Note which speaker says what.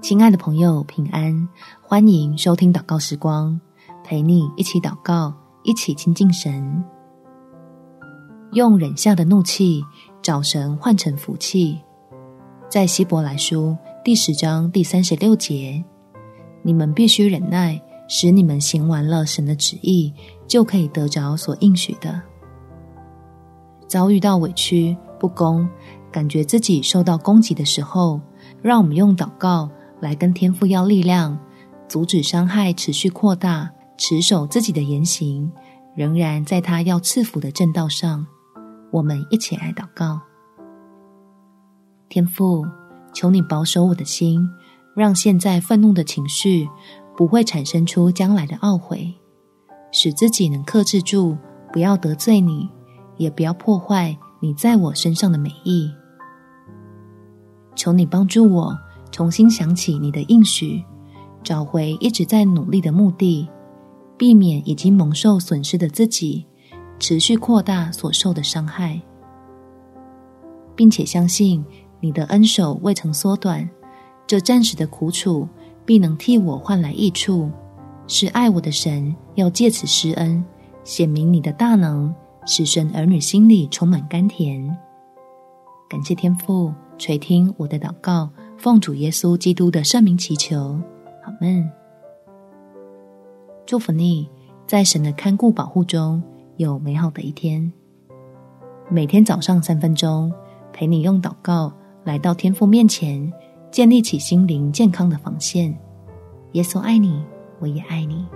Speaker 1: 親愛的朋友，平安！歡迎收聽禱告時光，陪你一起禱告，一起親近神。用忍下的怒氣，找神換成福氣。在希伯來書第十章第三十六節，你們必須忍耐，使你們行完了神的旨意，就可以得着所應許的。遭遇到委屈、不公，感覺自己受到攻擊的時候，讓我們用禱告，來跟天父要力量，阻止傷害持續擴大，持守自己的言行，仍然在他要賜福的正道上。我們一起來禱告，天父，求你保守我的心，讓現在憤怒的情緒不會產生出將來的懊悔，使自己能克制住，不要得罪你，也不要破壞你在我身上的美意。求你幫助我。重新想起你的應許，找回一直在努力的目的，避免已經蒙受損失的自己，持續擴大所受的傷害，並且相信你的恩手未曾縮短，這暫時的苦楚必能替我換來益處。是愛我的神要借此施恩，顯明你的大能，使神兒女心裡充滿甘甜。感謝天父垂聽我的禱告。奉主耶穌基督的聖名祈求，阿們。祝福你，在神的看顧保護中有美好的一天。每天早上三分鐘，陪你用禱告來到天父面前，建立起心靈健康的防線。耶穌愛你，我也愛你。